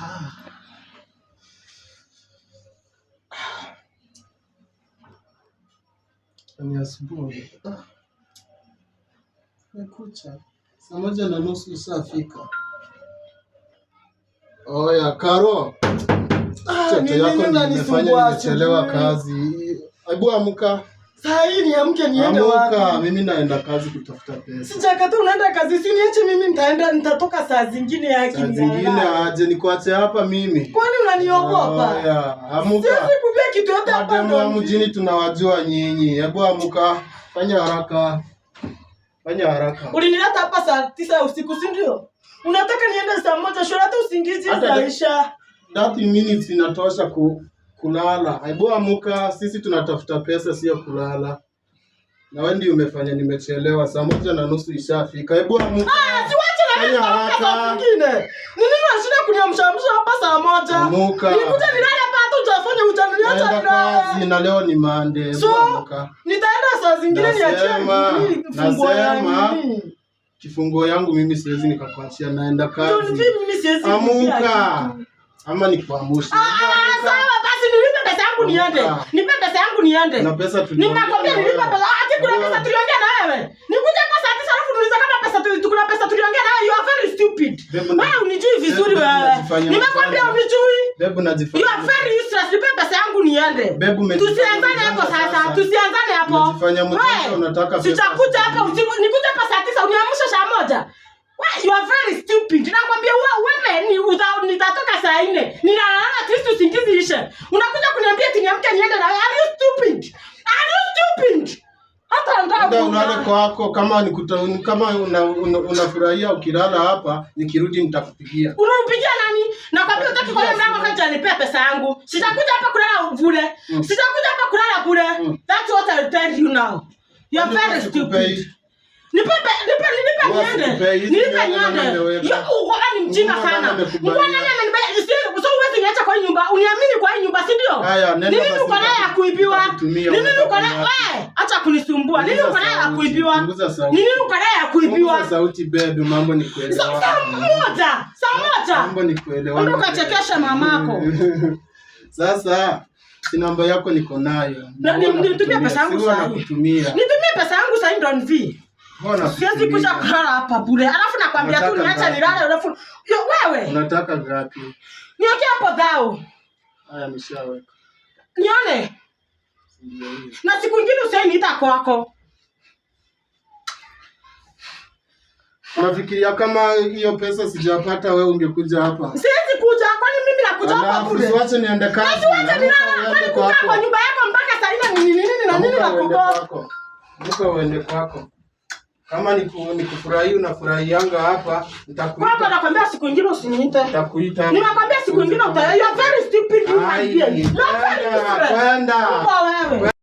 Ha. Ah. Ni asubuhi. Ah. Mekucha. Saa moja na nusu ishafika. Oya, Karo. Ah, Toto yako nimefanya nimechelewa kazi. Hebu amka. Saa hii niamke niende wapi? Mimi naenda kazi kutafuta pesa. Sijakata unaenda kazi, si niache mimi nitaenda nitatoka saa zingine ya kimya. Saa zingine aje nikuache hapa mimi. Kwani unaniogopa? Ah, Amuka. Sisi kupia kitu yote hapa ndio. Madam mjini tunawajua nyinyi. Hebu amuka. Fanya haraka. Fanya haraka. Ulinileta hapa saa tisa usiku si ndio? Unataka niende saa moja shule hata usingizi zaisha. 30 minutes inatosha ku kulala. Hebu amuka, sisi tunatafuta pesa, sio kulala. Na wewe ndio umefanya nimechelewa, saa moja na nusu ishafika. Hebu amuka. Ah, siwache na haraka. Nyingine. Ni nini unashinda kuniamsha amsha hapa saa moja? Amuka. Nikuja nilale hapa hata utafanya utaniacha ndio. Kazi na leo ni mande. So, amuka. nitaenda saa zingine niachie mimi. Nasema kifungo yangu mimi siwezi nikakuachia, naenda kazi. Amka. Ama ni kwa kuambushi. Ah, ah, ah sawa basi nilipe pesa yangu niende. Nipe pesa yangu niende. Na pesa tu. Ninakwambia nilipe pesa. Ah, ati kuna pesa tuliongea na wewe. Nikuja kwa saa 9 alafu niuliza kama pesa tu kuna pesa tuliongea na wewe. You are very stupid. Wewe unijui vizuri wewe. Nimekwambia unijui. Bebu najifanya. You are very useless. Nipe pesa yangu niende. Bebu me. Tusianzane hapo sasa. Tusianzane hapo. Unajifanya mtu unataka pesa. Sitakuja hapa usiku. Nikuja kwa saa 9 uniambie nifundishe. Unakuja kuniambia tiniamke niende na are you stupid? Are you stupid? Hata ndio kama kama unafurahia una, una ukilala hapa nikirudi nitakupigia. Unampigia nani? Na kwa hiyo utaki kwa mlango kaja anipea pesa yangu. Sitakuja hapa kulala bure. Mm. Sitakuja hapa kulala kule. Mm. That's what I'll tell you now. You are very stupid. Nipe nipe nipe niende. Nipe niende. Yeye ni mjinga sana. Mbona nani uniamini kwa hii nyumba, si ndio? Ni nini uko naye ya kuibiwa? Ni nini uko naye eh? Acha kunisumbua. Ni nini uko naye ya kuibiwa? Ni nini uko naye ya kuibiwa? sauti bebe, mambo ni kuelewa. Saa moja, saa moja. Mambo ni kuelewa. Ondoka chekesha mamako. Sasa namba yako niko nayo. Nitumie pesa yangu sasa. Nitumie pesa yangu sasa ndio nivi. Siwezi kuja kulala hapa bure. Alafu nakwambia tu niacha nilale, alafu wewe. Unataka ngapi? Niokea hapo dhao. Haya ameshaweka. Nione. Na siku nyingine usiniita kwako. Unafikiria kama hiyo pesa sijapata wewe ungekuja hapa? Siwezi kuja, kwani mimi nakuja hapa kule. Na usiwache niende kazi. Usiwache niende kwa nyumba yako mpaka saa nne ni nini na nini na kukosa. Muka uende kwako. Kama ni nikufurahia unafurahianga hapa, nitakuita. Baba nakwambia siku nyingine usiniite. Nitakuita. Ninakwambia siku nyingine uta. You are very stupid you my dear. Kwenda. Kwenda.